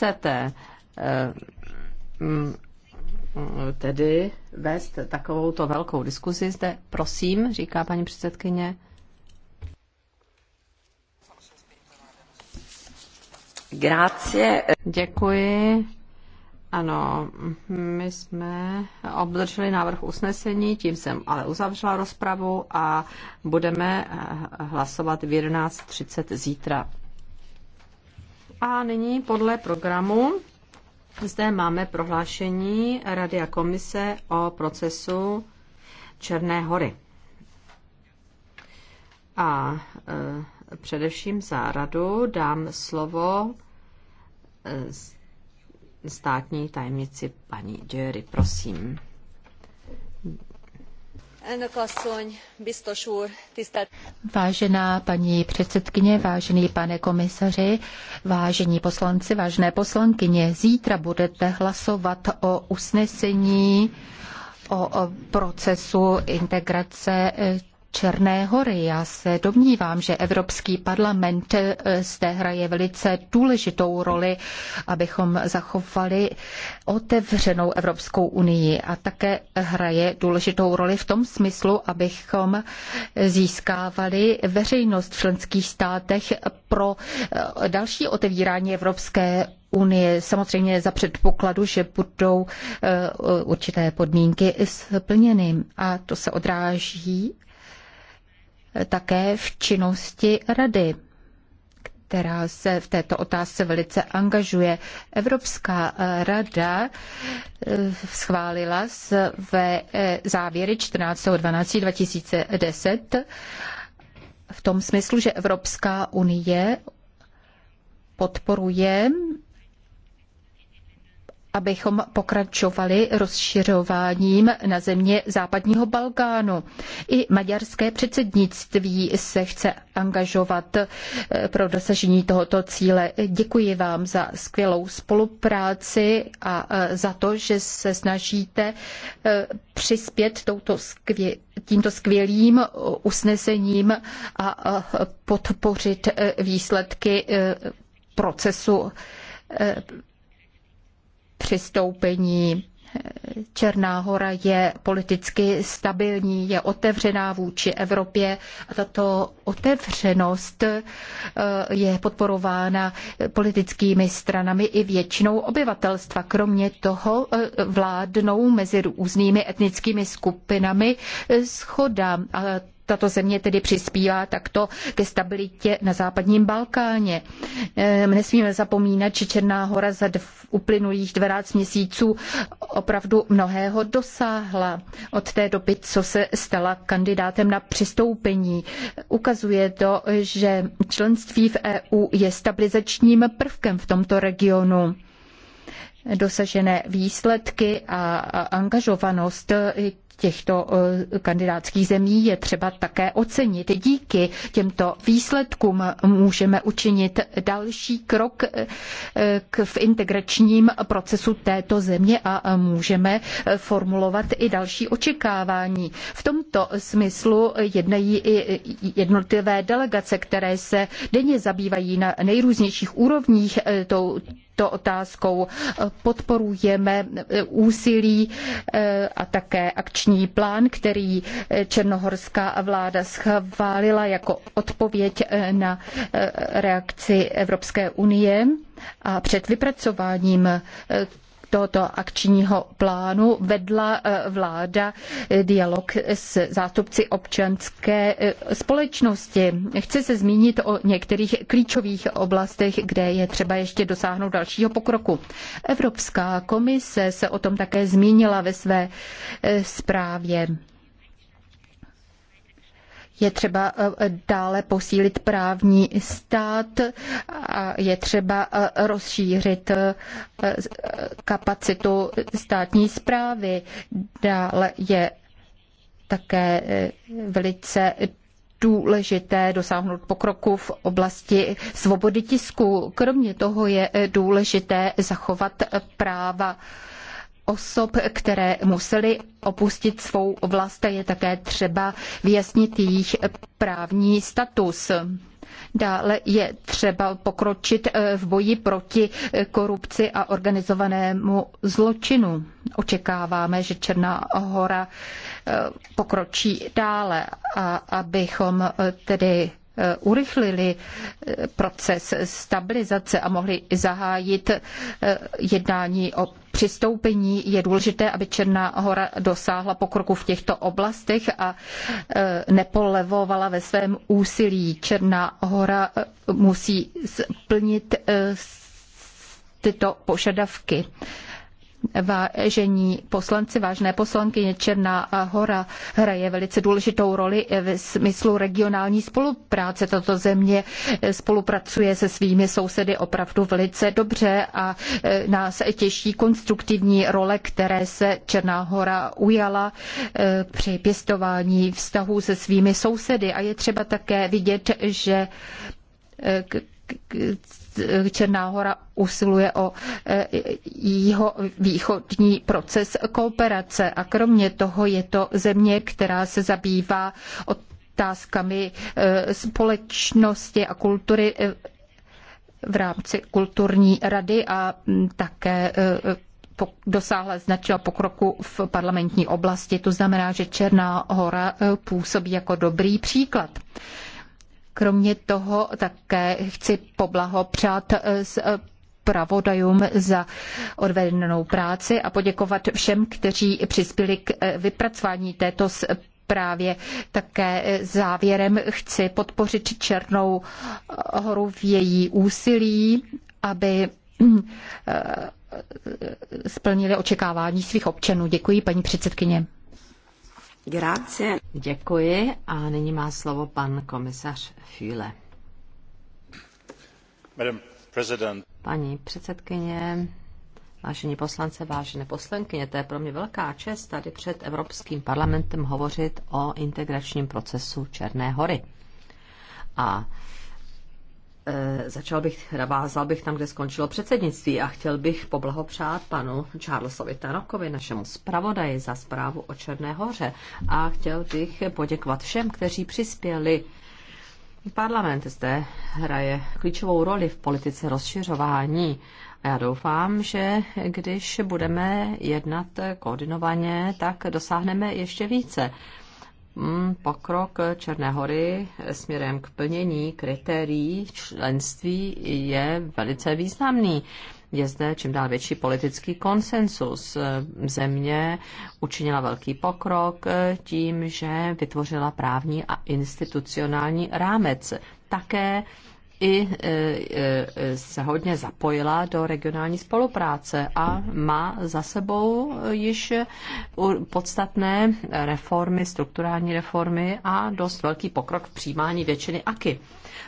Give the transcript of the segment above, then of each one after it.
chcete eh, mm, tedy vést to velkou diskuzi zde, prosím, říká paní předsedkyně. Grácie. Děkuji. Ano, my jsme obdrželi návrh usnesení, tím jsem ale uzavřela rozpravu a budeme eh, hlasovat v 11.30 zítra. A nyní podle programu zde máme prohlášení Rady a komise o procesu Černé hory. A e, především za radu dám slovo e, státní tajemnici paní Děry, prosím. Vážená paní předsedkyně, vážený pane komisaři, vážení poslanci, vážné poslankyně, zítra budete hlasovat o usnesení o procesu integrace Černé hory. Já se domnívám, že Evropský parlament eh, zde hraje velice důležitou roli, abychom zachovali otevřenou Evropskou unii a také hraje důležitou roli v tom smyslu, abychom získávali veřejnost v členských státech pro eh, další otevírání Evropské unie, samozřejmě za předpokladu, že budou eh, určité podmínky splněny. A to se odráží také v činnosti Rady která se v této otázce velice angažuje. Evropská eh, rada eh, schválila své eh, závěry 14.12.2010 v tom smyslu, že Evropská unie podporuje abychom pokračovali rozšiřováním na země západního Balkánu. I maďarské předsednictví se chce angažovat eh, pro dosažení tohoto cíle. Děkuji vám za skvělou spolupráci a eh, za to, že se snažíte eh, přispět touto skvě- tímto skvělým usnesením a podpořit výsledky procesu přistoupení. Eh, Černá hora je politicky stabilní, je otevřená vůči Evropě a tato otevřenost eh, je podporována politickými stranami i většinou obyvatelstva. Kromě toho eh, vládnou mezi různými etnickými skupinami schoda. A tato země tedy přispívá takto ke stabilitě na západním Balkáně. Ehm, nesmíme zapomínat, že Černá hora za uplynulých 12 měsíců opravdu mnohého dosáhla od té doby, co se stala kandidátem na přistoupení. Ukazuje to, že členství v EU je stabilizačním prvkem v tomto regionu dosažené výsledky a angažovanost těchto e, kandidátských zemí je třeba také ocenit. Díky těmto výsledkům můžeme učinit další krok e, v integračním procesu této země a můžeme e, formulovat i další očekávání. V tomto smyslu jednají i jednotlivé delegace, které se denně zabývají na nejrůznějších úrovních tou, touto otázkou. Podporujeme úsilí a také akční akční plán, který eh, černohorská vláda schválila jako odpověď eh, na eh, reakci Evropské unie a před vypracováním tohoto akčního plánu vedla eh, vláda eh, dialog s zástupci občanské eh, společnosti. Chci se zmínit o některých klíčových oblastech, kde je třeba ještě dosáhnout dalšího pokroku. Evropská komise se o tom také zmínila ve své zprávě. Je třeba eh, dále posílit právní stát a je třeba eh, rozšířit eh, kapacitu státní zprávy. Dále je také velice důležité dosáhnout pokroku v oblasti svobody tisku. Kromě toho je důležité zachovat práva osob, které musely opustit svou vlast, je také třeba vyjasnit jejich právní status. Dále je třeba pokročit eh, v boji proti eh, korupci a organizovanému zločinu. Očekáváme, že Černá hora eh, pokročí dále, a abychom tedy Eh, urychlili eh, proces stabilizace a mohli zahájit eh, jednání o přistoupení je důležité, aby Černá hora dosáhla pokroku v těchto oblastech a nepolevovala ve svém úsilí. Černá hora musí splnit tyto požadavky. Vážení poslanci, vážné poslankyně, Černá hora hraje velice důležitou roli ve smyslu regionální spolupráce. Tato země spolupracuje se svými sousedy opravdu velice dobře a e, nás těší konstruktivní role, které se Černá hora ujala e, při pěstování vztahů se svými sousedy. A je třeba také vidět, že e, Černá hora usiluje o e, jeho východní proces kooperace a kromě toho je to země, která se zabývá otázkami e, společnosti a kultury e, v rámci kulturní rady a také dosáhla značného pokroku v parlamentní oblasti. To znamená, že Černá hora působí jako dobrý příklad. Kromě toho také chci poblahopřát eh, s eh, pravodajům za odvedenou práci a poděkovat všem, kteří přispěli k eh, vypracování této právě také závěrem chci podpořit Černou horu v její úsilí, aby hm, splnili očekávání svých občanů. Děkuji, paní předsedkyně. Grazie. Děkuji a nyní má slovo pan komisař Füle. Paní předsedkyně, vážení poslance, vážené poslankyně, to je pro mě velká čest tady před Evropským parlamentem hovořit o integračním procesu Černé hory. A Eh, začal bych, navázal bych tam, kde skončilo předsednictví a chtěl bych poblahopřát panu Charlesovi Tanokovi, našemu zpravodaji za zprávu o Černé hoře a chtěl bych poděkovat všem, kteří přispěli. Parlament zde hraje klíčovou roli v politice rozšiřování a já doufám, že když budeme jednat koordinovaně, tak dosáhneme ještě více. Mm, pokrok Černé hory směrem k plnění kritérií členství je velice významný. Je zde čím dál větší politický konsensus. Země učinila velký pokrok tím, že vytvořila právní a institucionální rámec. Také i e, e, se hodně zapojila do regionální spolupráce a má za sebou již podstatné reformy, strukturální reformy a dost velký pokrok v přijímání většiny AKY.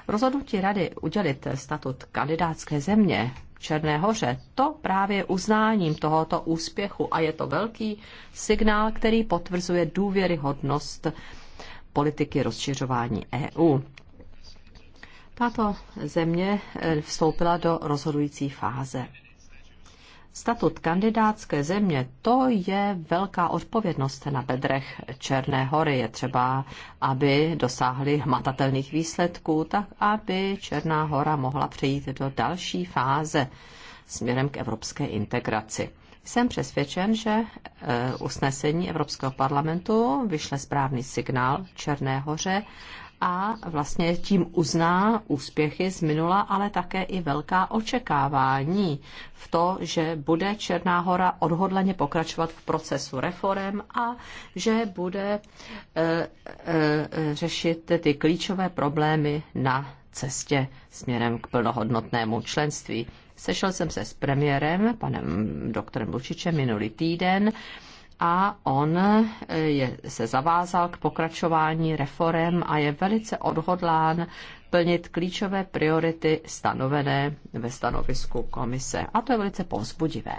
Rozhodnutí rady udělit statut kandidátské země Černé hoře. To právě uznáním tohoto úspěchu a je to velký signál, který potvrzuje důvěryhodnost politiky rozšiřování EU. Tato země eh, vstoupila do rozhodující fáze. Statut kandidátské země, to je velká odpovědnost na bedrech Černé hory. Je třeba, aby dosáhli hmatatelných výsledků, tak aby Černá hora mohla přejít do další fáze směrem k evropské integraci. Jsem přesvědčen, že eh, usnesení Evropského parlamentu vyšle správný signál Černé hoře a vlastně tím uzná úspěchy z minula, ale také i velká očekávání v to, že bude Černá hora odhodlaně pokračovat v procesu reform a že bude e, e, řešit ty klíčové problémy na cestě směrem k plnohodnotnému členství. Sešel jsem se s premiérem, panem doktorem Lučičem, minulý týden a on eh, je, se zavázal k pokračování reform a je velice odhodlán plnit klíčové priority stanovené ve stanovisku komise. A to je velice povzbudivé.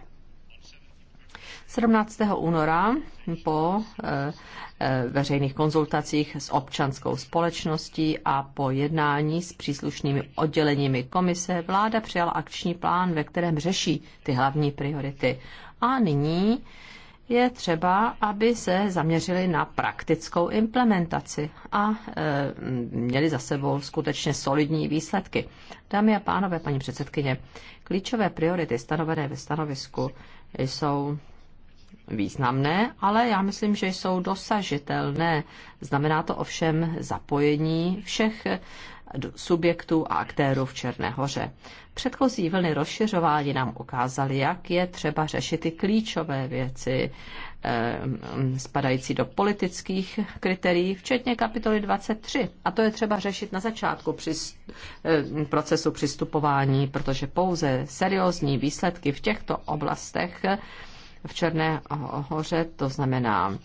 17. února po eh, eh, veřejných konzultacích s občanskou společností a po jednání s příslušnými odděleními komise vláda přijala akční plán, ve kterém řeší ty hlavní priority. A nyní je třeba, aby se zaměřili na praktickou implementaci a e, měli za sebou skutečně solidní výsledky. Dámy a pánové, paní předsedkyně, klíčové priority stanovené ve stanovisku jsou významné, ale já myslím, že jsou dosažitelné. Znamená to ovšem zapojení všech subjektů a aktérů v Černé hoře. Předchozí vlny rozšiřování nám ukázaly, jak je třeba řešit ty klíčové věci ehm, spadající do politických kritérií, včetně kapitoly 23. A to je třeba řešit na začátku při ehm, procesu přistupování, protože pouze seriózní výsledky v těchto oblastech v Černé hoře, to znamená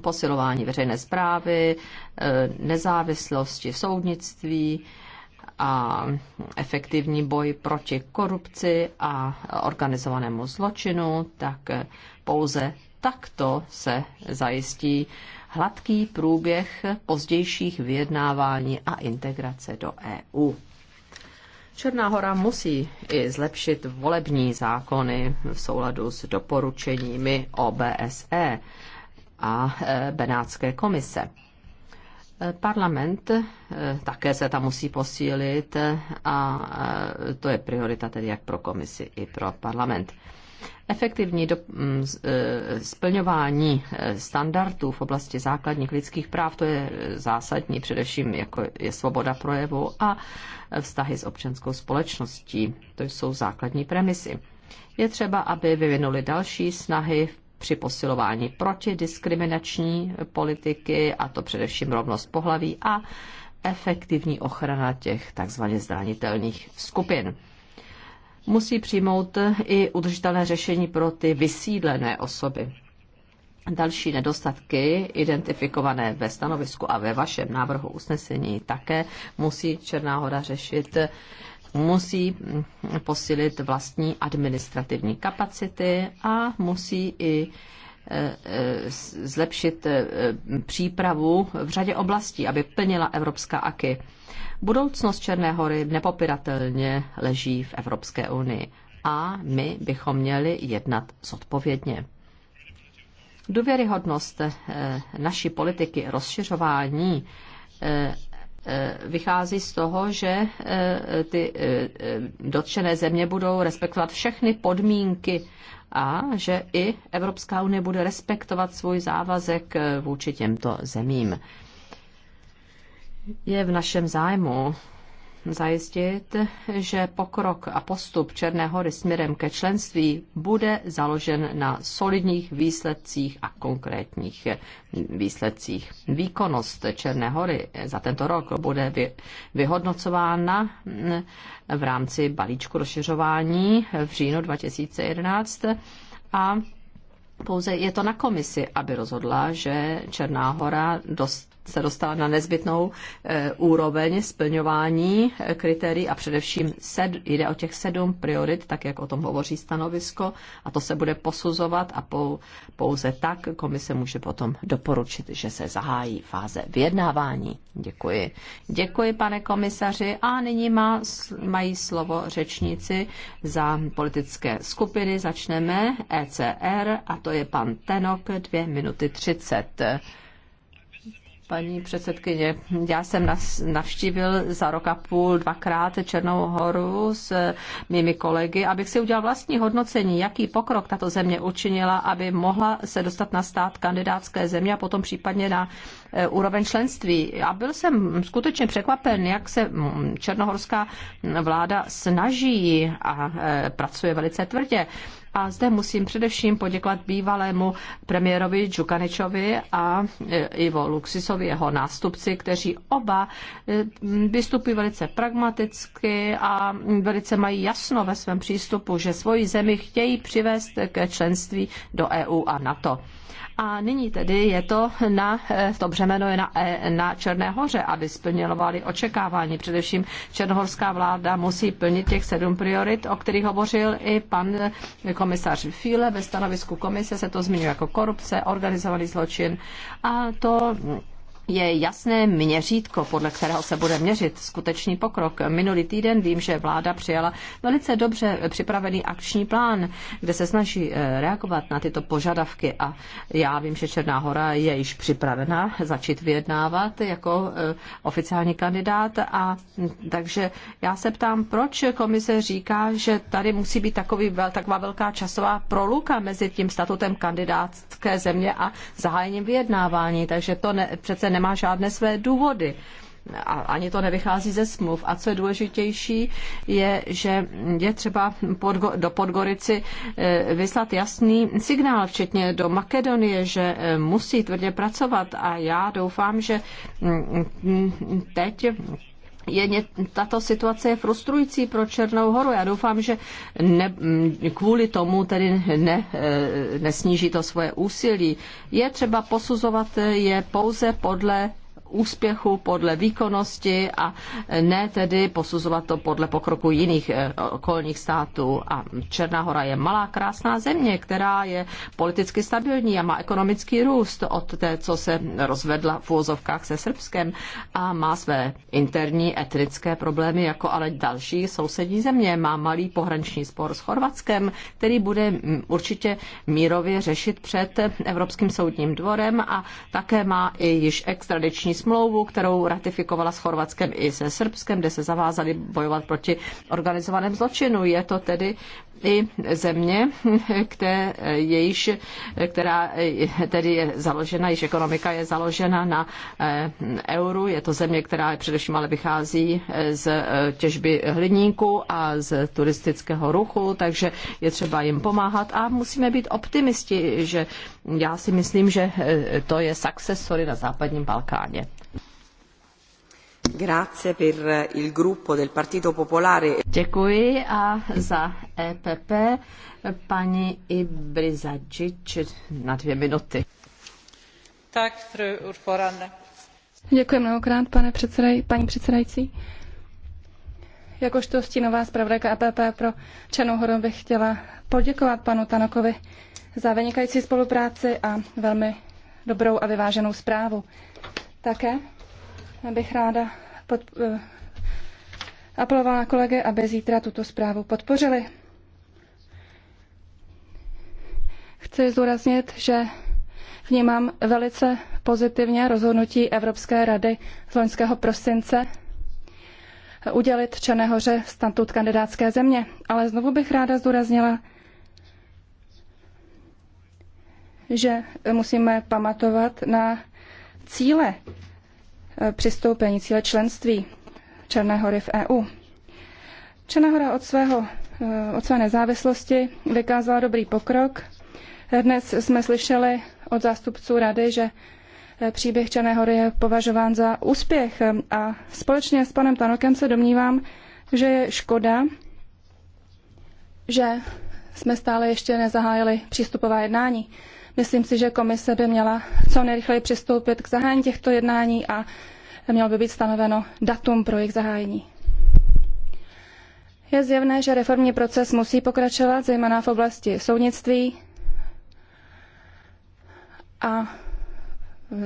posilování veřejné zprávy, eh, nezávislosti soudnictví a efektivní boj proti korupci a organizovanému zločinu, tak pouze takto se zajistí hladký průběh pozdějších vyjednávání a integrace do EU. Černá hora musí i zlepšit volební zákony v souladu s doporučeními OBSE a e, Benátské komise. E, parlament e, také se tam musí posílit a to je priorita tedy jak pro komisi, i pro parlament. Efektivní do, splňování standardů v oblasti základních lidských práv, to je zásadní především jako je svoboda projevu a vztahy s občanskou společností. To jsou základní premisy. Je třeba, aby vyvinuli další snahy v při posilování protidiskriminační politiky, a to především rovnost pohlaví a efektivní ochrana těch takzvaně zranitelných skupin. Musí přijmout i udržitelné řešení pro ty vysídlené osoby. Další nedostatky identifikované ve stanovisku a ve vašem návrhu usnesení také musí Černá hora řešit musí posilit vlastní administrativní kapacity a musí i e, e, zlepšit e, přípravu v řadě oblastí, aby plnila evropská AKY. Budoucnost Černé hory nepopiratelně leží v Evropské unii a my bychom měli jednat zodpovědně. Důvěryhodnost naší politiky rozšiřování Eh, vychází z toho, že eh, ty eh, dotčené země budou respektovat všechny podmínky a že i Evropská unie bude respektovat svůj závazek vůči těmto zemím. Je v našem zájmu zajistit, že pokrok a postup Černé hory směrem ke členství bude založen na solidních výsledcích a konkrétních výsledcích. Výkonnost Černé hory za tento rok bude vyhodnocována v rámci balíčku rozšiřování v říjnu 2011 a pouze je to na komisi, aby rozhodla, že Černá hora dost se dostala na nezbytnou eh, úroveň splňování eh, kritérií a především sed, jde o těch sedm priorit, tak jak o tom hovoří stanovisko a to se bude posuzovat a pou, pouze tak komise může potom doporučit, že se zahájí fáze vyjednávání. Děkuji. Děkuji, pane komisaři. A nyní má, mají slovo řečníci za politické skupiny. Začneme ECR a to je pan Tenok, dvě minuty třicet. Paní předsedkyně, já jsem navštívil za rok a půl dvakrát Černou horu s mými kolegy, abych si udělal vlastní hodnocení, jaký pokrok tato země učinila, aby mohla se dostat na stát kandidátské země a potom případně na e, úroveň členství. A byl jsem skutečně překvapen, jak se černohorská vláda snaží a e, pracuje velice tvrdě a zde musím především poděkovat bývalému premiérovi Džukaničovi a e, Ivo Luxisovi, jeho nástupci, kteří oba e, vystupují velice pragmaticky a velice mají jasno ve svém přístupu, že svoji zemi chtějí přivést ke členství do EU a NATO. A nyní tedy je to na, eh, to břemeno je na, eh, na Černé hoře, aby splňovali očekávání. Především černohorská vláda musí plnit těch sedm priorit, o kterých hovořil i pan komisař Fíle. Ve stanovisku komise se to zmiňuje jako korupce, organizovaný zločin a to je jasné měřítko, podle kterého se bude měřit skutečný pokrok. Minulý týden vím, že vláda přijala velice dobře připravený akční plán, kde se snaží eh, reagovat na tyto požadavky a já vím, že Černá hora je již připravena začít vyjednávat jako eh, oficiální kandidát a hm, takže já se ptám, proč komise říká, že tady musí být takový, taková velká časová proluka mezi tím statutem kandidátské země a zahájením vyjednávání, takže to ne, přece nemá žádné své důvody a ani to nevychází ze smluv. A co je důležitější, je, že je třeba podgo, do Podgorici eh, vyslat jasný signál, včetně do Makedonie, že eh, musí tvrdě pracovat a já doufám, že mm, mm, teď je, tato situace je frustrující pro Černou horu. Já doufám, že ne, mm, kvůli tomu tedy ne, e, nesníží to svoje úsilí. Je třeba posuzovat je pouze podle úspěchu, podle výkonnosti a ne tedy posuzovat to podle pokroku jiných eh, okolních států. A Černá hora je malá, krásná země, která je politicky stabilní a má ekonomický růst od té, co se rozvedla v úzovkách se Srbskem a má své interní etnické problémy, jako ale další sousední země. Má malý pohraniční spor s Chorvatskem, který bude mm, určitě mírově řešit před Evropským soudním dvorem a také má i již extradiční smlouvu, kterou ratifikovala s Chorvatskem i se Srbskem, kde se zavázali bojovat proti organizovaném zločinu. Je to tedy i země, které jejíž, která tedy je založena, již ekonomika je založena na eh, euru. Je to země, která především ale vychází eh, z eh, těžby hliníku a z turistického ruchu, takže je třeba jim pomáhat a musíme být optimisti, že já si myslím, že to je success story na západním Balkáně. Děkuji a za EPP paní Ibrizadžič na dvě minuty. Tak, Děkuji mnohokrát, pane předsedaj, paní předsedající. Jakožto stínová zpravodajka EPP pro Černou horu bych chtěla poděkovat panu Tanokovi za vynikající spolupráci a velmi dobrou a vyváženou zprávu. Také bych ráda pod, eh, apelovala na kolegy, aby zítra tuto zprávu podpořili. Chci zdůraznit, že vnímám velice pozitivně rozhodnutí Evropské rady z loňského prosince udělit Černéhoře statut kandidátské země. Ale znovu bych ráda zdůraznila, že musíme pamatovat na cíle Eh, přistoupení, cíle členství Černé hory v EU. Černá hora od, svého, eh, od své nezávislosti vykázala dobrý pokrok. Dnes jsme slyšeli od zástupců rady, že eh, příběh Černé hory je považován za úspěch a společně s panem Tanokem se domnívám, že je škoda, že jsme stále ještě nezahájili přístupová jednání. Myslím si, že komise by měla co nejrychleji přistoupit k zahájení těchto jednání a mělo by být stanoveno datum pro jejich zahájení. Je zjevné, že reformní proces musí pokračovat, zejména v oblasti soudnictví a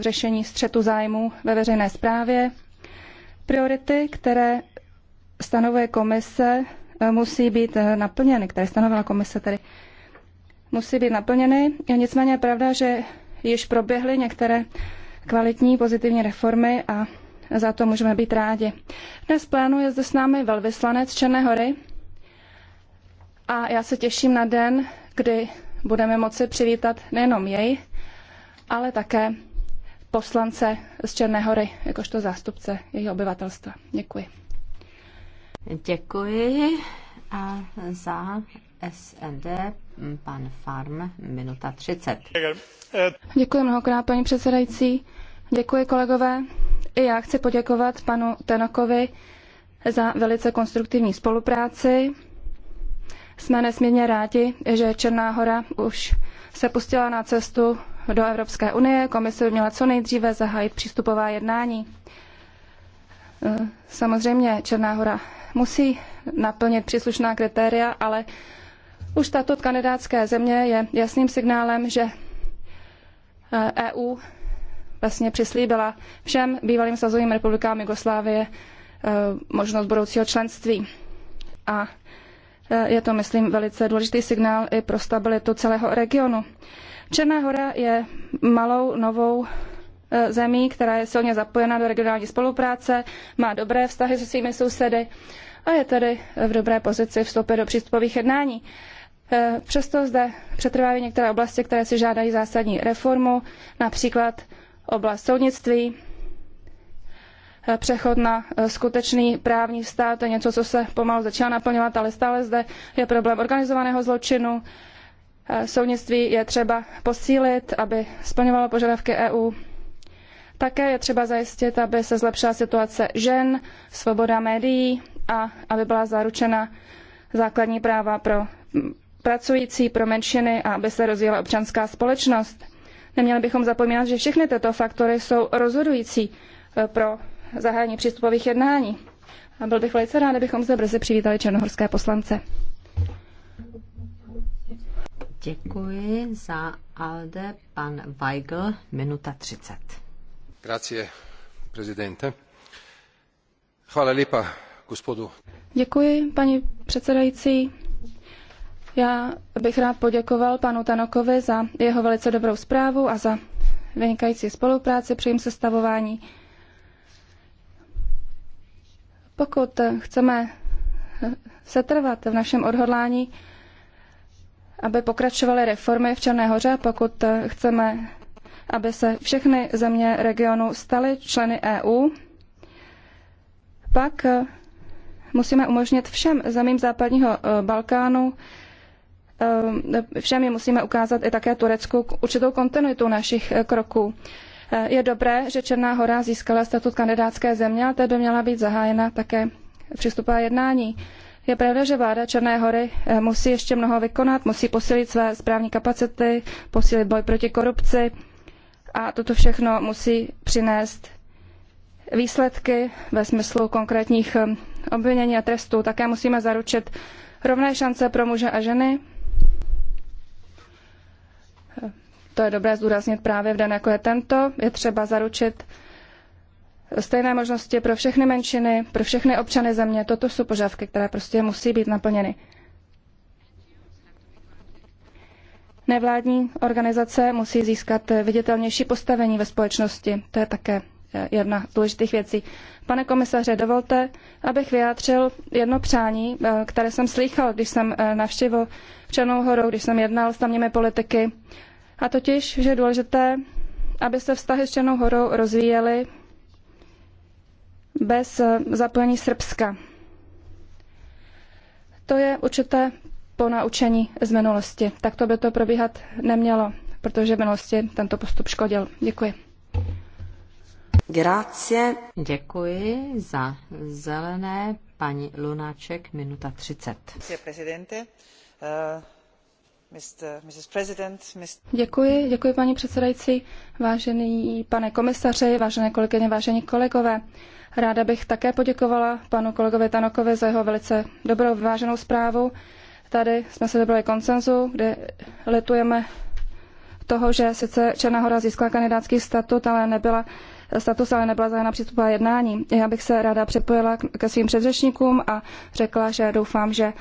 řešení střetu zájmů ve veřejné správě. Priority, které stanovuje komise, musí být naplněny, které stanovila komise tedy musí být naplněny. Nicméně je pravda, že již proběhly některé kvalitní pozitivní reformy a za to můžeme být rádi. Dnes plánu je zde s námi velvyslanec Černé hory a já se těším na den, kdy budeme moci přivítat nejenom jej, ale také poslance z Černé hory, jakožto zástupce jejího obyvatelstva. Děkuji. Děkuji a za SND, pan Farm, minuta 30. Děkuji mnohokrát, paní předsedající. Děkuji kolegové. I já chci poděkovat panu Tenokovi za velice konstruktivní spolupráci. Jsme nesmírně rádi, že Černá hora už se pustila na cestu do Evropské unie. Komise by měla co nejdříve zahájit přístupová jednání. Samozřejmě Černá hora musí naplnit příslušná kritéria, ale už statut kandidátské země je jasným signálem, že EU eh, e vlastně přislíbila všem bývalým svazovým republikám Jugoslávie eh, možnost budoucího členství. A eh, je to, myslím, velice důležitý signál i pro stabilitu celého regionu. Černá hora je malou novou zemí, která je silně zapojena do regionální spolupráce, má dobré vztahy se svými sousedy a je tedy v dobré pozici vstoupit do přístupových jednání. E, přesto zde přetrvávají některé oblasti, které si žádají zásadní reformu, například oblast soudnictví, e, přechod na e, skutečný právní stát, to je něco, co se pomalu začíná naplňovat, ale stále zde je problém organizovaného zločinu. Soudnictví je třeba posílit, aby splňovalo požadavky EU. Také je třeba zajistit, aby se zlepšila situace žen, svoboda médií a aby byla zaručena základní práva pro pracující, pro menšiny a aby se rozvíjela občanská společnost. Neměli bychom zapomínat, že všechny tyto faktory jsou rozhodující eh, pro zahájení přístupových jednání. A byl bych velice rád, abychom se brzy přivítali černohorské poslance. Děkuji za ALDE. Pan Weigl, minuta 30. Grazie, prezidente. Hvala lipa, gospodu. Děkuji, paní předsedající. Já bych rád poděkoval panu Tanokovi za jeho velice dobrou zprávu a za vynikající spolupráci při jejím sestavování. Pokud chceme setrvat v našem odhodlání, aby pokračovaly reformy v Černé hoře, pokud chceme, aby se všechny země regionu staly členy EU, pak musíme umožnit všem zemím západního e, Balkánu Ehm, všem je musíme ukázat i také Turecku určitou kontinuitu našich eh, kroků. Eh, je dobré, že Černá hora získala statut kandidátské země a té by měla být zahájena také přístupová jednání. Je pravda, že vláda Černé hory eh, musí ještě mnoho vykonat, musí posílit své správní kapacity, posílit boj proti korupci a toto všechno musí přinést výsledky ve smyslu konkrétních obvinění a trestů. Také musíme zaručit rovné šance pro muže a ženy, to je dobré zdůraznit právě v den, jako je tento, je třeba zaručit stejné možnosti pro všechny menšiny, pro všechny občany země. Toto jsou požadavky, které prostě musí být naplněny. Nevládní organizace musí získat viditelnější postavení ve společnosti. To je také jedna z důležitých věcí. Pane komisaře, dovolte, abych vyjádřil jedno přání, eh, které jsem slychal, když jsem eh, navštívil Černou horu, když jsem jednal s tamními politiky. A totiž, že je důležité, aby se vztahy s Černou horou rozvíjely bez eh, zapojení Srbska. To je určité ponaučení z minulosti. to by to probíhat nemělo, protože v minulosti tento postup škodil. Děkuji. Grazie. Děkuji za zelené. Paní Lunáček, minuta 30. Uh, děkuji, děkuji paní předsedající, vážený pane komisaři, vážené kolegyně, vážení kolegové. Ráda bych také poděkovala panu kolegovi Tanokovi za jeho velice dobrou vyváženou zprávu. Tady jsme se dobrali koncenzu, kde letujeme toho, že sice Černá hora získala kandidátský statut, ale nebyla status, ale nebyla zájena přístupová jednání. Já bych se ráda připojila ke svým předřečníkům a řekla, že doufám, že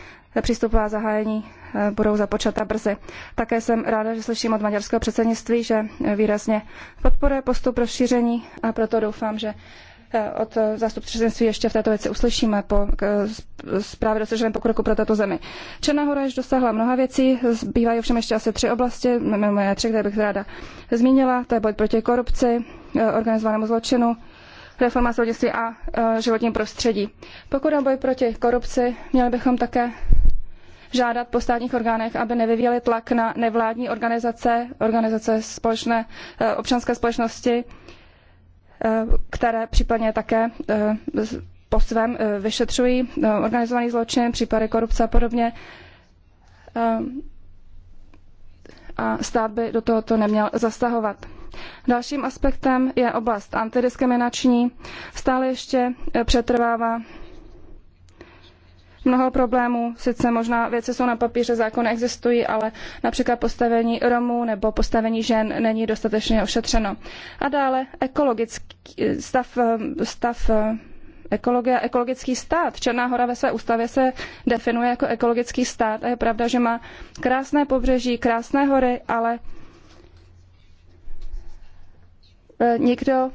přístupová zahájení eh, budou započata brzy. Také jsem ráda, že slyším od maďarského předsednictví, že eh, výrazně podporuje postup rozšíření a proto doufám, že Eh, od eh, zástupců ještě v této věci uslyšíme po eh, zprávě dosaženém pokroku pro tato zemi. Černá hora již dosáhla mnoha věcí, zbývají ovšem ještě asi tři oblasti, minimálně tři, které bych ráda zmínila, to je boj proti korupci, organizovanému zločinu, reforma soudnictví a životním prostředí. Pokud o boj proti korupci, měli bychom také žádat po státních orgánech, aby nevyvíjeli tlak na nevládní organizace, organizace společné, občanské společnosti, Eh, které případně také eh, po svém eh, vyšetřují organizovaný zločin, případy korupce a podobně. A stát by do tohoto neměl zasahovat. Dalším aspektem je oblast antidiskriminační. Stále ještě přetrvává mnoho problémů. Sice možná věci jsou na papíře, zákony existují, ale například postavení Romů nebo postavení žen není dostatečně ošetřeno. A dále ekologický eh, stav, eh, stav eh, ekologie, ekologický stát. Černá hora ve své ústavě se definuje jako ekologický stát a je pravda, že má krásné pobřeží, krásné hory, ale nikdo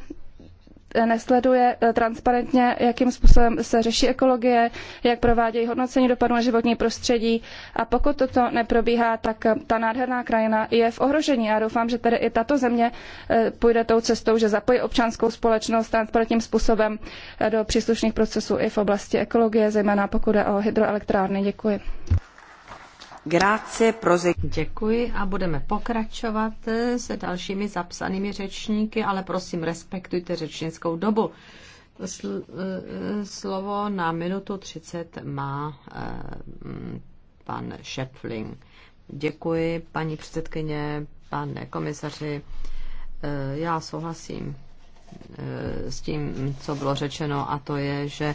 nesleduje eh, transparentně, jakým způsobem se řeší ekologie, jak provádějí hodnocení dopadů na životní prostředí. A pokud toto neprobíhá, tak eh, ta nádherná krajina je v ohrožení. Já doufám, že tedy i tato země eh, půjde tou cestou, že zapojí občanskou společnost transparentním způsobem do příslušných procesů i v oblasti ekologie, zejména pokud jde o hydroelektrárny. Děkuji. Děkuji a budeme pokračovat se dalšími zapsanými řečníky, ale prosím, respektujte řečnickou dobu. Eh, slovo na minutu 30 má eh, pan Šepfling. Děkuji, paní předsedkyně, pane komisaři. Eh, já souhlasím Eh, s tím, co bylo řečeno, a to je, že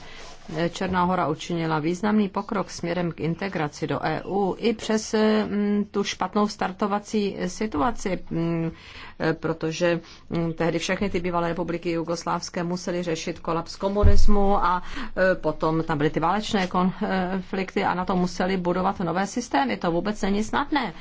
Černá hora učinila významný pokrok směrem k integraci do EU i přes mm, tu špatnou startovací situaci, mm, eh, protože mm, tehdy všechny ty bývalé republiky jugoslávské musely řešit kolaps komunismu a eh, potom tam byly ty válečné konflikty a na to museli budovat nové systémy. To vůbec není snadné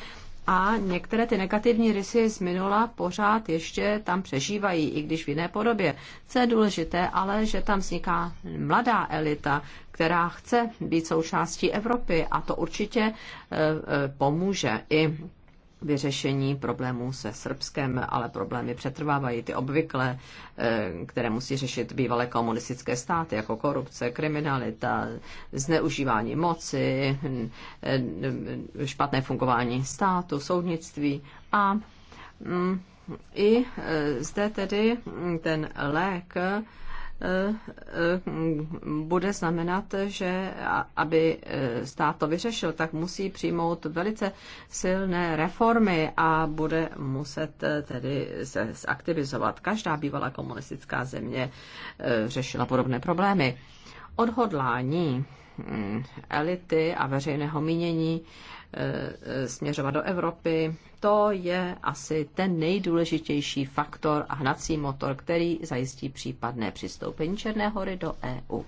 a některé ty negativní rysy z minula pořád ještě tam přežívají, i když v jiné podobě. Co je důležité, ale že tam vzniká mladá elita, která chce být součástí Evropy a to určitě eh, eh, pomůže i vyřešení problémů se Srbskem, ale problémy přetrvávají ty obvykle, eh, které musí řešit bývalé komunistické státy, jako korupce, kriminalita, zneužívání moci, hm, eh, špatné fungování státu, soudnictví a hm, i eh, zde tedy ten lék bude znamenat, že aby e, stát to vyřešil, tak musí přijmout velice silné reformy a bude muset e, tedy se zaktivizovat. Každá bývalá komunistická země e, řešila podobné problémy. Odhodlání Mm, elity a veřejného mínění eh, eh, směřovat do Evropy, to je asi ten nejdůležitější faktor a hnací motor, který zajistí případné přistoupení Černé hory do EU.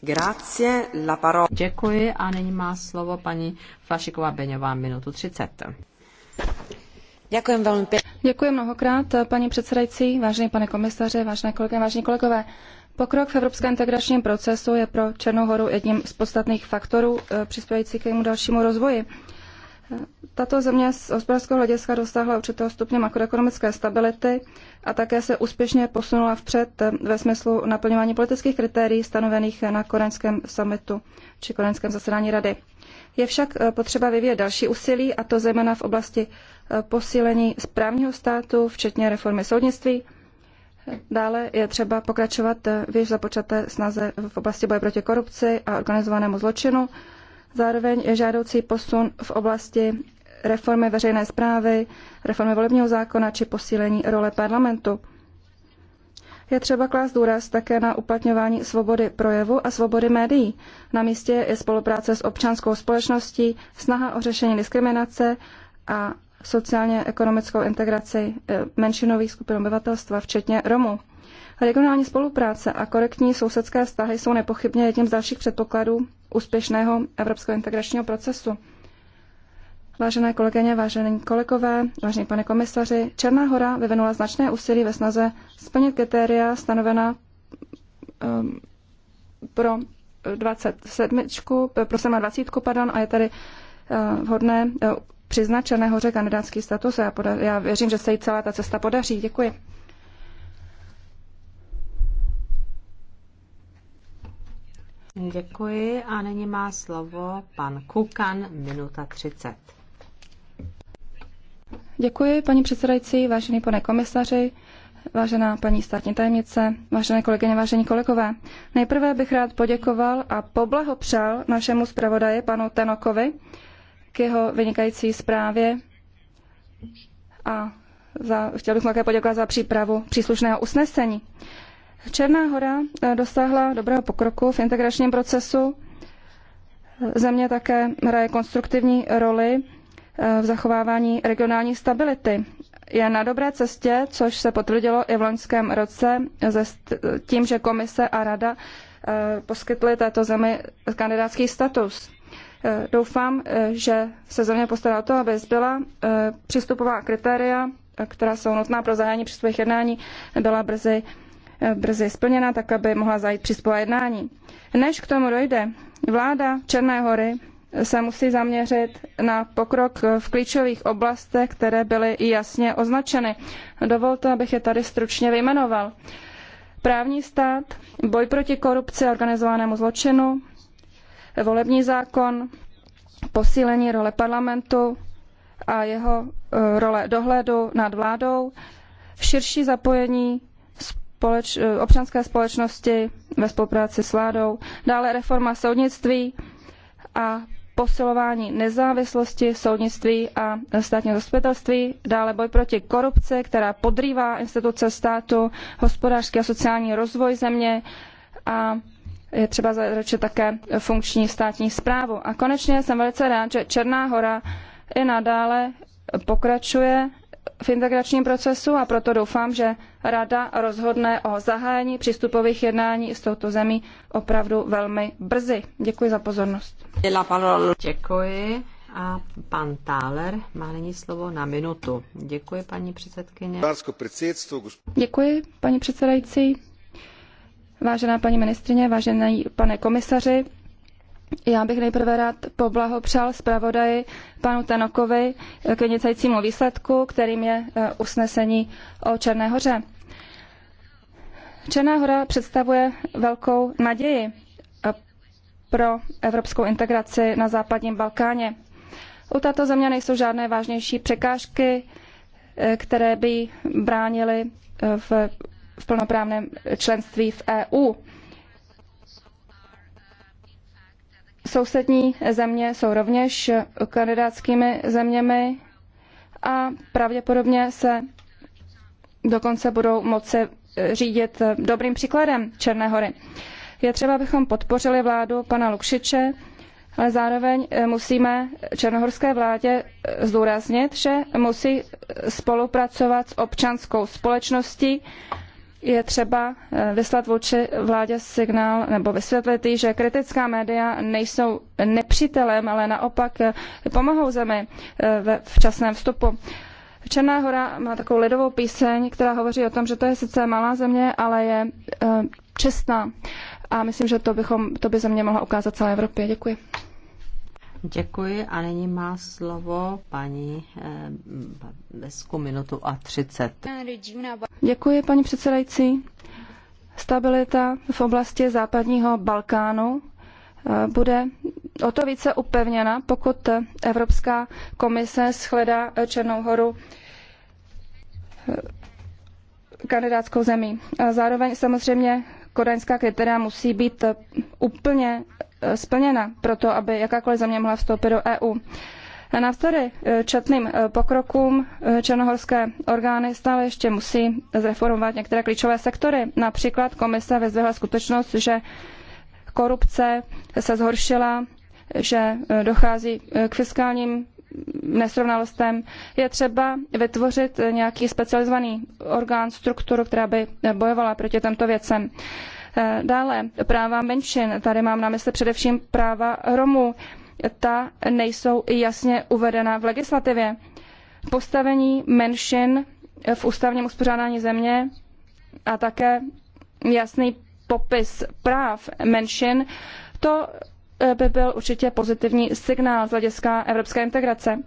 Grazie, la parola. Děkuji a nyní má slovo paní Flašiková Beňová minutu 30. Děkuji velmi pěkně. Děkuji mnohokrát, paní předsedající, vážený pane komisaře, vážené kolegy, vážení kolegové. Pokrok v evropském integračním procesu je pro Černou horu jedním z podstatných faktorů eh, přispějící k jejímu dalšímu rozvoji. Eh, tato země z hospodářského hlediska dosáhla určitého stupně makroekonomické stability a také se úspěšně posunula vpřed eh, ve smyslu naplňování politických kritérií stanovených na koreňském summitu či koreňském zasedání rady. Je však potřeba vyvíjet další úsilí, a to zejména v oblasti posílení správního státu, včetně reformy soudnictví, Dále je třeba pokračovat v již započaté snaze v oblasti boje proti korupci a organizovanému zločinu. Zároveň je žádoucí posun v oblasti reformy veřejné zprávy, reformy volebního zákona či posílení role parlamentu. Je třeba klást důraz také na uplatňování svobody projevu a svobody médií. Na místě je spolupráce s občanskou společností, snaha o řešení diskriminace a sociálně ekonomickou integraci eh, menšinových skupin obyvatelstva, včetně Romů. Regionální spolupráce a korektní sousedské vztahy jsou nepochybně jedním z dalších předpokladů úspěšného evropského integračního procesu. Vážené kolegyně, vážení kolegové, vážení pane komisaři, Černá hora vyvinula značné úsilí ve snaze splnit kritéria stanovená um, pro 27, pro 27, pardon, a je tady eh, vhodné eh, přiznat Černé hoře kandidátský status. Já, poda- já věřím, že se jí celá ta cesta podaří. Děkuji. Děkuji a nyní má slovo pan Kukan, minuta 30. Děkuji, paní předsedající, vážený pane komisaři, vážená paní státní tajemnice, vážené kolegyně, vážení kolegové. Nejprve bych rád poděkoval a poblahopřál našemu zpravodaji panu Tenokovi k jeho vynikající zprávě a za, chtěl bych také poděkovat za přípravu příslušného usnesení. Černá hora eh, dosáhla dobrého pokroku v integračním procesu. Země také hraje konstruktivní roli eh, v zachovávání regionální stability. Je na dobré cestě, což se potvrdilo i v loňském roce tím, že komise a rada eh, poskytly této zemi kandidátský status. Eh, doufám, eh, že se země postará o to, aby zbyla eh, přístupová kritéria, která jsou nutná pro zahájení přístupových jednání, byla brzy, brzy splněna, tak aby mohla zajít přístupová jednání. Než k tomu dojde, vláda Černé hory se musí zaměřit na pokrok v klíčových oblastech, které byly jasně označeny. Dovolte, abych je tady stručně vyjmenoval. Právní stát, boj proti korupci a organizovanému zločinu, volební zákon, posílení role parlamentu a jeho eh, role dohledu nad vládou, širší zapojení společ, eh, občanské společnosti ve spolupráci s vládou, dále reforma soudnictví a posilování nezávislosti soudnictví a státního zastupitelství, dále boj proti korupci, která podrývá instituce státu, hospodářský a sociální rozvoj země a je třeba zaručit také funkční státní správu. A konečně jsem velice rád, že Černá hora i nadále pokračuje v integračním procesu a proto doufám, že Rada rozhodne o zahájení přístupových jednání s touto zemí opravdu velmi brzy. Děkuji za pozornost. Děkuji. A pan Táler má nyní slovo na minutu. Děkuji, paní předsedkyně. Děkuji, paní předsedající. Vážená paní ministrině, vážený pane komisaři, já bych nejprve rád poblahopřál zpravodaji panu Tanokovi k vynikajícímu výsledku, kterým je e, usnesení o Černé hoře. Černá hora představuje velkou naději e, pro evropskou integraci na západním Balkáně. U této země nejsou žádné vážnější překážky, e, které by bránily v v plnoprávném členství v EU. Sousední země jsou rovněž kandidátskými zeměmi a pravděpodobně se dokonce budou moci řídit dobrým příkladem Černé hory. Je třeba, abychom podpořili vládu pana Lukšiče, ale zároveň eh, musíme černohorské vládě eh, zdůraznit, že musí spolupracovat s občanskou společností je třeba eh, vyslat vůči vládě signál nebo vysvětlit jí, že kritická média nejsou nepřítelem, ale naopak eh, pomohou zemi eh, ve včasném vstupu. Černá hora má takovou lidovou píseň, která hovoří o tom, že to je sice malá země, ale je čestná. A myslím, že to, bychom, to by země mohla ukázat celé Evropě. Děkuji. Děkuji a nyní má slovo paní Besku eh, minutu a 30. Děkuji, paní předsedající. Stabilita v oblasti západního Balkánu eh, bude o to více upevněna, pokud Evropská komise shledá Černou horu eh, kandidátskou zemí. Zároveň samozřejmě kodaňská kritéria musí být úplně Eh, splněna pro to, aby jakákoliv země mohla vstoupit do EU. Navzdory eh, četným eh, pokrokům černohorské orgány stále ještě musí zreformovat některé klíčové sektory. Například komise vyzvihla skutečnost, že korupce se zhoršila, že dochází k fiskálním nesrovnalostem. Je třeba vytvořit nějaký specializovaný orgán, strukturu, která by bojovala proti těmto věcem. Eh, dále práva menšin, tady mám na mysli především práva Romů, ta nejsou jasně uvedena v legislativě. Postavení menšin v ústavním uspořádání země a také jasný popis práv menšin, to eh, by byl určitě pozitivní signál z hlediska evropské integrace.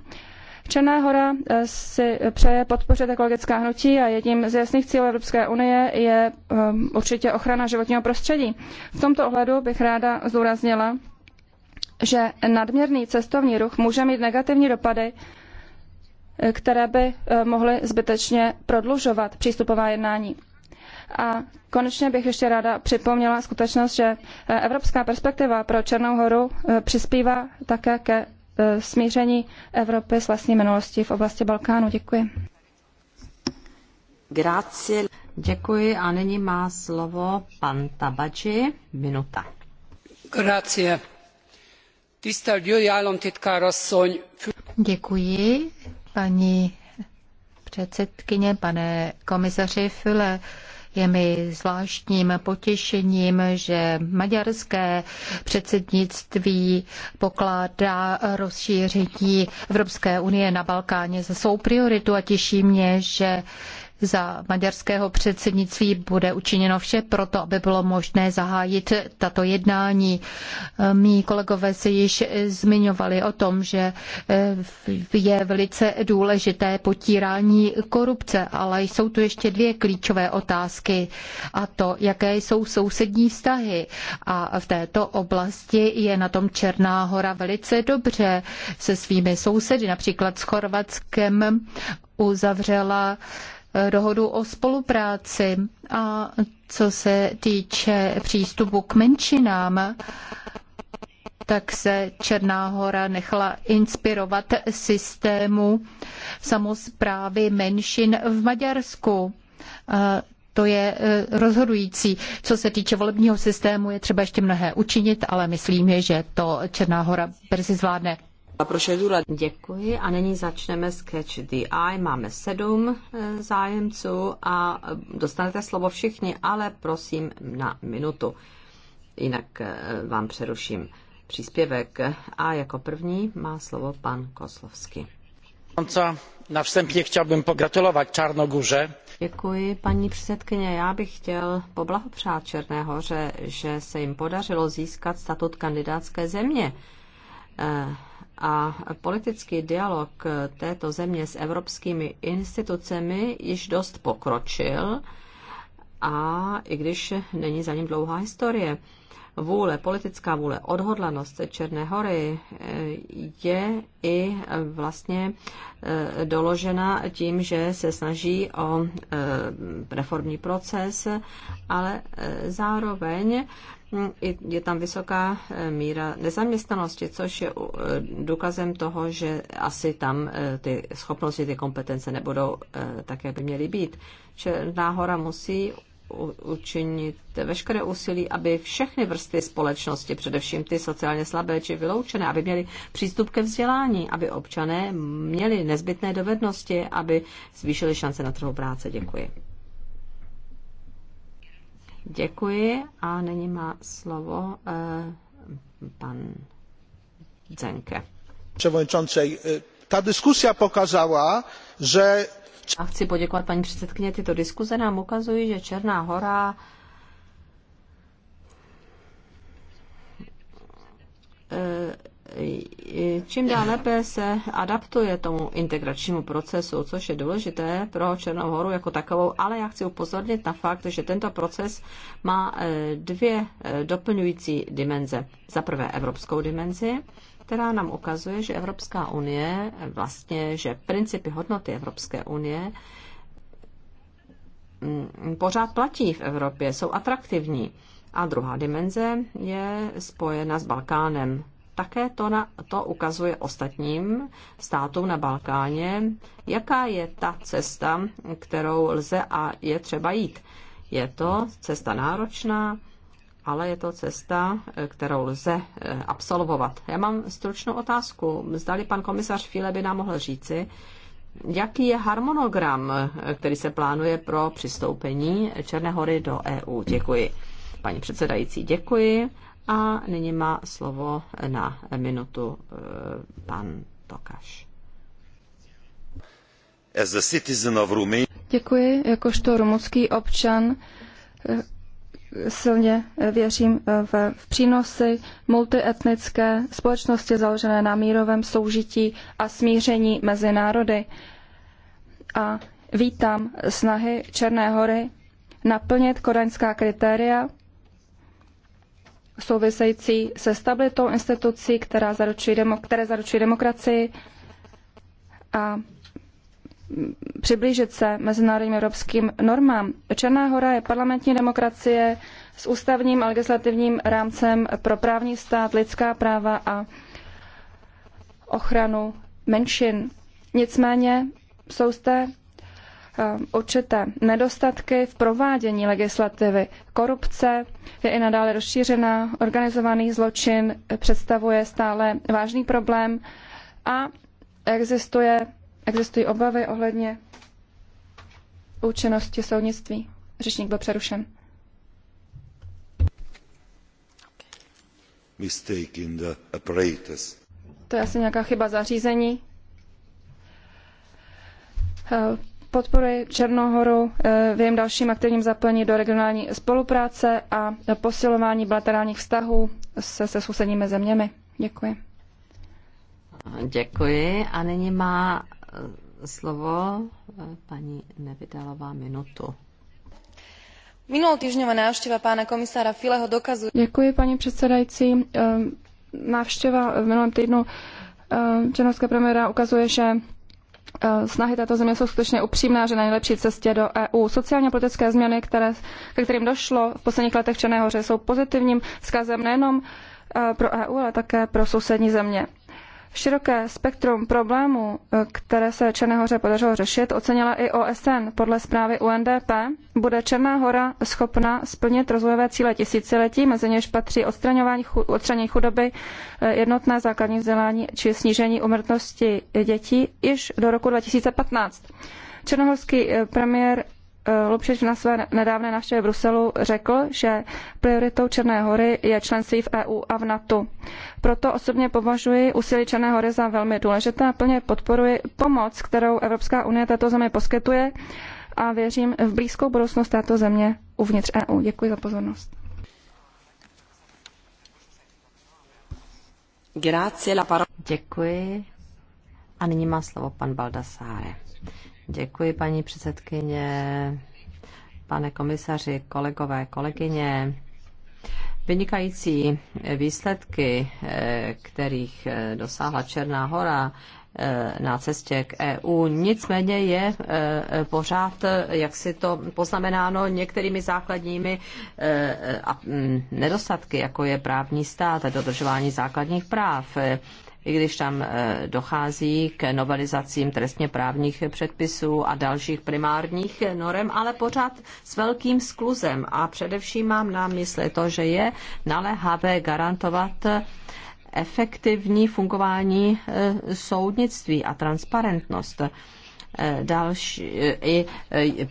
Černá hora eh, si přeje podpořit ekologická hnutí a jedním z jasných cílů Evropské unie je eh, určitě ochrana životního prostředí. V tomto ohledu bych ráda zdůraznila, že nadměrný cestovní ruch může mít negativní dopady, eh, které by mohly zbytečně prodlužovat přístupová jednání. A konečně bych ještě ráda připomněla skutečnost, že evropská perspektiva pro Černou horu přispívá také ke Eh, smíření Evropy s vlastní minulostí v oblasti Balkánu. Děkuji. Grazie. Děkuji a nyní má slovo pan Tabači. Minuta. Grazie. Tisztelt Győri államtitkár asszony. Děkuji, paní předsedkyně, pane komisaři Füle. Je mi zvláštním potěšením, že maďarské předsednictví pokládá rozšíření Evropské unie na Balkáně za svou prioritu a těší mě, že za maďarského předsednictví bude učiněno vše proto, aby bylo možné zahájit tato jednání. Mí kolegové se již zmiňovali o tom, že eh, je velice důležité potírání korupce, ale jsou tu ještě dvě klíčové otázky a to, jaké jsou sousední vztahy. A v této oblasti je na tom Černá hora velice dobře se svými sousedy, například s Chorvatskem uzavřela dohodu o spolupráci. A co se týče přístupu k menšinám, tak se Černá hora nechala inspirovat systému samozprávy menšin v Maďarsku. to je e, rozhodující. Co se týče volebního systému, je třeba ještě mnohé učinit, ale myslím, že to Černá hora brzy zvládne. Procedura... Děkuji a nyní začneme s Catch the Eye. Máme sedm e, zájemců a e, dostanete slovo všichni, ale prosím na minutu. Jinak e, vám přeruším příspěvek. A jako první má slovo pan Koslovský. Na vstępie chciałbym pogratulować Czarnogórze. Děkuji, paní předsedkyně. Já bych chtěl poblahopřát Černé hoře, že se jim podařilo získat statut kandidátské země a politický dialog této země s evropskými institucemi již dost pokročil a i když není za ním dlouhá historie vůle, politická vůle, odhodlanost Černé hory eh, je i vlastně eh, doložena tím, že se snaží o eh, reformní proces, ale zároveň hm, je tam vysoká míra nezaměstnanosti, což je důkazem toho, že asi tam ty schopnosti, ty kompetence nebudou také by měly být. Černá hora musí učinit veškeré úsilí, aby všechny vrstvy společnosti, především ty sociálně slabé či vyloučené, aby měli přístup ke vzdělání, aby občané měli nezbytné dovednosti, aby zvýšili šance na trhu práce. Děkuji. Děkuji a nyní má slovo eh, pan Zenke. Przewodniczącej, eh, ta dyskusja pokazała, że a chci poděkovat paní předsedkyně. Tyto diskuze nám ukazují, že Černá hora e, čím dál lépe se adaptuje tomu integračnímu procesu, což je důležité pro Černou horu jako takovou, ale já chci upozornit na fakt, že tento proces má e, dvě e, doplňující dimenze. Za prvé evropskou dimenzi, která nám ukazuje, že Evropská unie, vlastně, že principy hodnoty Evropské unie mm, pořád platí v Evropě, jsou atraktivní. A druhá dimenze je spojena s Balkánem. Také to, na, to ukazuje ostatním státům na Balkáně, jaká je ta cesta, kterou lze a je třeba jít. Je to cesta náročná, ale je to cesta, eh, kterou lze eh, absolvovat. Já mám stručnou otázku. Zdali pan komisař File by nám mohl říci, jaký je harmonogram, eh, který se plánuje pro přistoupení Černé hory do EU. Děkuji. Paní předsedající, děkuji. A nyní má slovo na minutu pan Tokaš. Děkuji. Jakožto rumunský občan silně eh, věřím eh, v, v přínosy multietnické společnosti založené na mírovém soužití a smíření mezi národy. A vítám snahy Černé hory naplnit kodaňská kritéria související se stabilitou institucí, která zaručuje které zaručují demokracii a přiblížit se mezinárodním evropským normám. Černá hora je parlamentní demokracie s ústavním a legislativním rámcem pro právní stát, lidská práva a ochranu menšin. Nicméně jsou zde eh, určité nedostatky v provádění legislativy. Korupce je i nadále rozšířená, organizovaný zločin představuje stále vážný problém a existuje Existují obavy ohledně účinnosti soudnictví. Řečník byl přerušen. Mistake in the apparatus. To je asi nějaká chyba zařízení. Podporuji Černohoru eh, v jejím dalším aktivním zapojení do regionální spolupráce a posilování bilaterálních vztahů se, se sousedními zeměmi. Děkuji. Děkuji a nyní má slovo eh, paní Nevidalová, minutu. Minulotýždňová návštěva pána komisára Fileho dokazuje... Děkuji, paní předsedající. Ehm, návštěva v minulém týdnu černovského ehm, premiéra ukazuje, že ehm, snahy této země jsou skutečně upřímné, že na nejlepší cestě do EU. Sociálně politické změny, které, ke kterým došlo v posledních letech v Černé hoře, jsou pozitivním vzkazem nejenom eh, pro EU, ale také pro sousední země. Široké spektrum problémů, eh, které se Černé hoře podařilo řešit, ocenila i OSN. Podle zprávy UNDP bude Černá hora schopna splnit rozvojové cíle tisíciletí, mezi něž patří odstraňování odstranění chudoby, eh, jednotné základní vzdělání či snížení umrtnosti dětí již do roku 2015. Černohorský eh, premiér Eh, Lupšič na své nedávné návštěvě Bruselu řekl, že prioritou Černé hory je členství v EU a v NATO. Proto osobně považuji úsilí Černé hory za velmi důležité a plně podporuji pomoc, kterou Evropská unie této zemi poskytuje a věřím v blízkou budoucnost této země uvnitř EU. Děkuji za pozornost. Děkuji. A nyní má slovo pan Baldassare. Děkuji, paní předsedkyně, pane komisaři, kolegové, kolegyně. Vynikající výsledky, eh, kterých eh, dosáhla Černá hora, eh, na cestě k EU. Nicméně je pořád, jak si to poznamenáno, některými základními mm, nedostatky, jako je právní stát a dodržování základních práv i když tam e, dochází k novelizacím trestně právních předpisů a dalších primárních norem, ale pořád s velkým skluzem. A především mám na mysli to, že je naléhavé garantovat e, efektivní fungování e, soudnictví a transparentnost další, i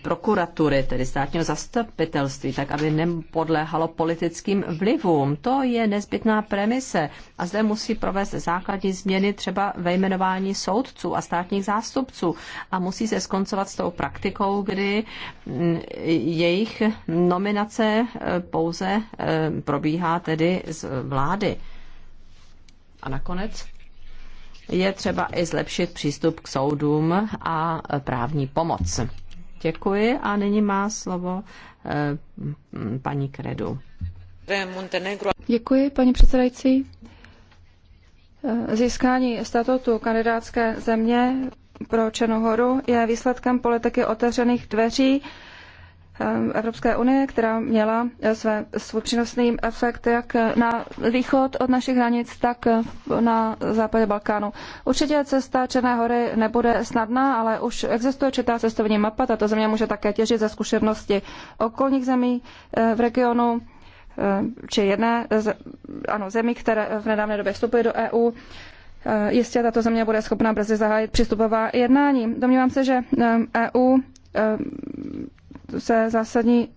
prokuratury, tedy státního zastupitelství, tak aby nepodléhalo politickým vlivům. To je nezbytná premise a zde musí provést základní změny třeba ve jmenování soudců a státních zástupců a musí se skoncovat s tou praktikou, kdy mm, jejich nominace e, pouze e, probíhá tedy z vlády. A nakonec je třeba i zlepšit přístup k soudům a právní pomoc. Děkuji a nyní má slovo eh, paní Kredu. Děkuji, paní předsedající. Eh, získání statutu kandidátské země pro Černohoru je výsledkem politiky otevřených dveří, Ehm, Evropské unie, která měla eh, své, svůj přínosný efekt jak eh, na východ od našich hranic, tak eh, na západě Balkánu. Určitě cesta Černé hory nebude snadná, ale už existuje určitá cestovní mapa. Tato země může také těžit ze zkušenosti okolních zemí v regionu či jedné ano, zemí, které v nedávné době vstupují do EU. Jistě tato země bude schopna brzy zahájit přístupová jednání. Domnívám se, že EU e se zásadní,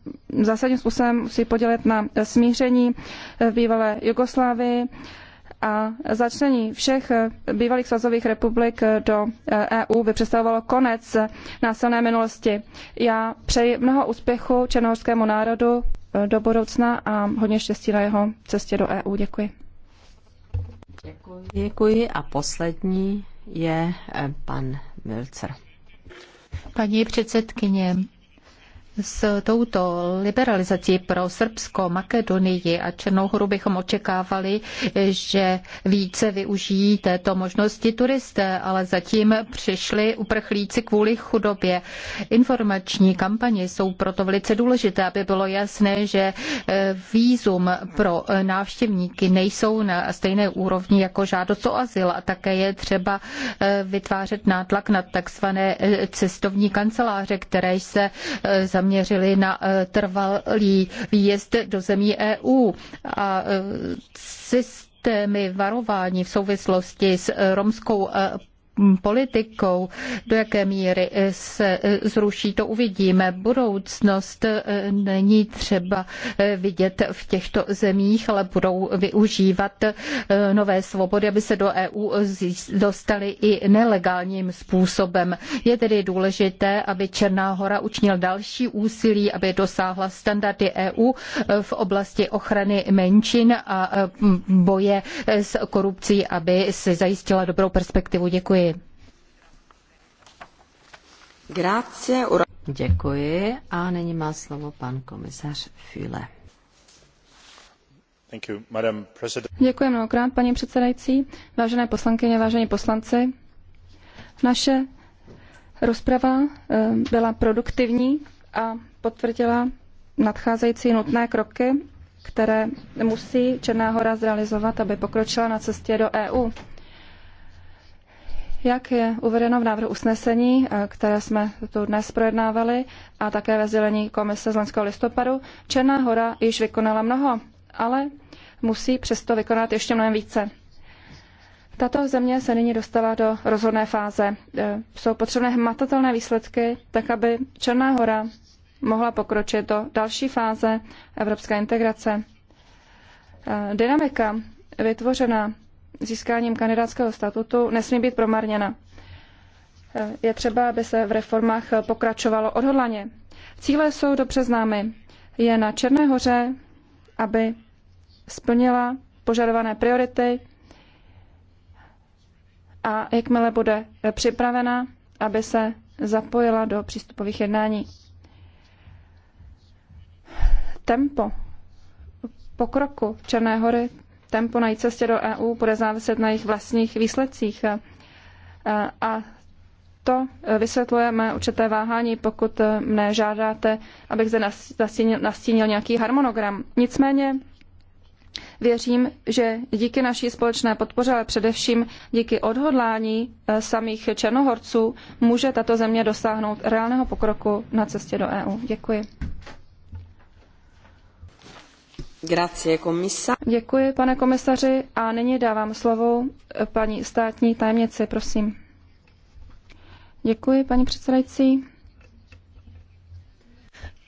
zásadním způsobem musí podělit na smíření v bývalé Jugoslávii a začlení všech bývalých svazových republik do EU by představovalo konec násilné minulosti. Já přeji mnoho úspěchu černohorskému národu do budoucna a hodně štěstí na jeho cestě do EU. Děkuji. Děkuji, Děkuji. a poslední je eh, pan Milcer. Paní předsedkyně, s touto liberalizací pro Srbsko, Makedonii a Černou horu bychom očekávali, že více využijí této možnosti turisté, ale zatím přišli uprchlíci kvůli chudobě. Informační kampaně jsou proto velice důležité, aby bylo jasné, že eh, výzum pro návštěvníky nejsou na stejné úrovni jako žádost o azyl a také je třeba eh, vytvářet nátlak na takzvané eh, cestovní kanceláře, které se zaměřují zaměřili na e, trvalý výjezd do zemí EU a e, systémy varování v souvislosti s romskou e, politikou. Do jaké míry e, se e, zruší, to uvidíme. Budoucnost e, není třeba vidět v těchto zemích, ale budou využívat nové svobody, aby se do EU dostali i nelegálním způsobem. Je tedy důležité, aby Černá hora učinil další úsilí, aby dosáhla standardy EU v oblasti ochrany menšin a boje s korupcí, aby si zajistila dobrou perspektivu. Děkuji. Děkuji a nyní má slovo pan komisař Füle. Děkuji mnohokrát, paní předsedající, vážené poslankyně, vážení poslanci. Naše rozprava eh, byla produktivní a potvrdila nadcházející nutné kroky, které musí Černá hora zrealizovat, aby pokročila na cestě do EU. Jak je uvedeno v návrhu usnesení, eh, které jsme tu dnes projednávali, a také ve sdělení komise z loňského listopadu, Černá hora již vykonala mnoho, ale musí přesto vykonat ještě mnohem více. Tato země se nyní dostala do rozhodné fáze. Eh, jsou potřebné hmatatelné výsledky, tak aby Černá hora mohla pokročit do další fáze evropské integrace. Eh, dynamika vytvořená získáním kandidátského statutu nesmí být promarněna. Je třeba, aby se v reformách pokračovalo odhodlaně. Cíle jsou dobře známy. Je na Černé hoře, aby splnila požadované priority a jakmile bude připravena, aby se zapojila do přístupových jednání. Tempo pokroku Černé hory tempo na jejich cestě do EU bude záviset na jejich vlastních výsledcích. E, a to e, vysvětluje mé určité váhání, pokud e, mne žádáte, abych zde nastínil, nastínil nějaký harmonogram. Nicméně Věřím, že díky naší společné podpoře, ale především díky odhodlání samých Černohorců, může tato země dosáhnout reálného pokroku na cestě do EU. Děkuji. Děkuji, pane komisaři. A nyní dávám slovo eh, paní státní tajemnici, prosím. Děkuji, paní předsedající.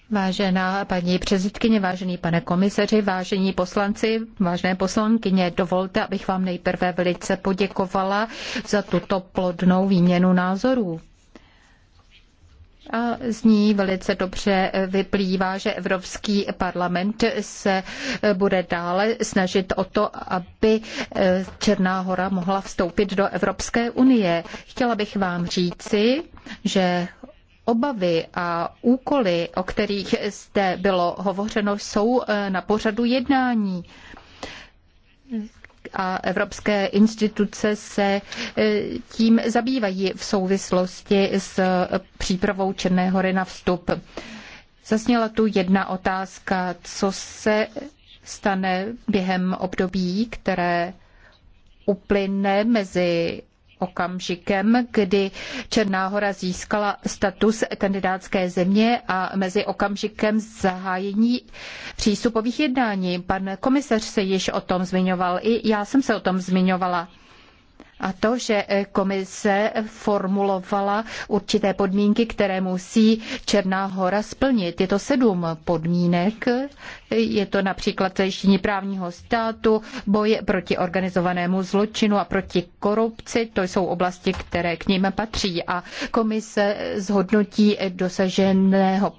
Vážená paní předsedkyně, vážený pane komisaři, vážení poslanci, vážené poslankyně, dovolte, abych vám nejprve velice poděkovala za tuto plodnou výměnu názorů. A z ní velice dobře vyplývá, že Evropský parlament se bude dále snažit o to, aby Černá hora mohla vstoupit do Evropské unie. Chtěla bych vám říci, že obavy a úkoly, o kterých zde bylo hovořeno, jsou na pořadu jednání a evropské instituce se e, tím zabývají v souvislosti s přípravou Černé hory na vstup. Zasněla tu jedna otázka, co se stane během období, které uplyne mezi okamžikem, kdy Černá hora získala status kandidátské země a mezi okamžikem zahájení přístupových jednání. Pan komisař se již o tom zmiňoval, i já jsem se o tom zmiňovala. A to, že e, komise formulovala určité podmínky, které musí Černá hora splnit. Je to sedm podmínek. Je to například zajištění právního státu, boj proti organizovanému zločinu a proti korupci. To jsou oblasti, které k ním patří. A komise zhodnotí dosaženého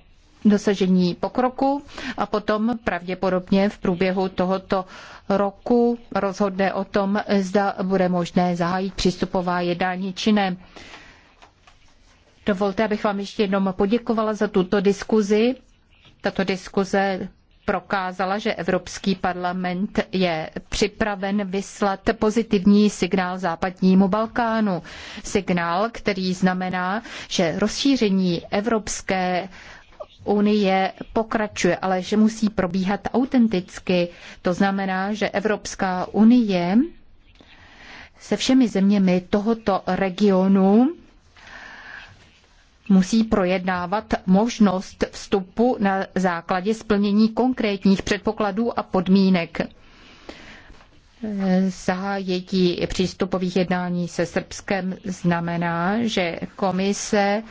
dosažení pokroku a potom pravděpodobně v průběhu tohoto roku rozhodne o tom, zda bude možné zahájit přístupová jednání či ne. Dovolte, abych vám ještě jednou poděkovala za tuto diskuzi. Tato diskuze prokázala, že Evropský parlament je připraven vyslat pozitivní signál západnímu Balkánu. Signál, který znamená, že rozšíření Evropské unie pokračuje, ale že musí probíhat autenticky. To znamená, že Evropská unie se všemi zeměmi tohoto regionu musí projednávat možnost vstupu na základě splnění konkrétních předpokladů a podmínek. Zahájetí přístupových jednání se Srbskem znamená, že komise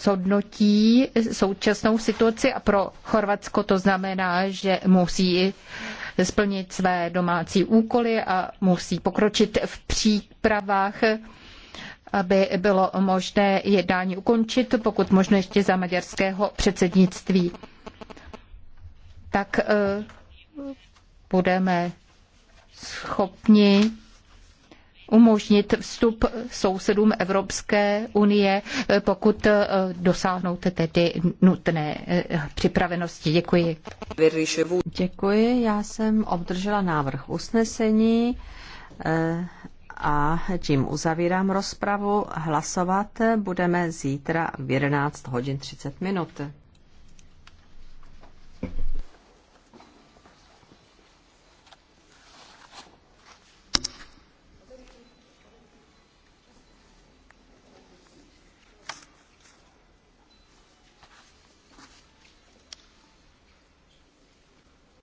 zhodnotí současnou situaci a pro Chorvatsko to znamená, že musí splnit své domácí úkoly a musí pokročit v přípravách aby bylo možné jednání ukončit, pokud možno ještě za maďarského předsednictví. Tak eh, budeme schopni umožnit vstup sousedům Evropské unie, pokud eh, dosáhnoute tedy nutné eh, připravenosti. Děkuji. Děkuji, já jsem obdržela návrh usnesení eh, a tím uzavírám rozpravu. Hlasovat budeme zítra v 11 hodin 30 minut.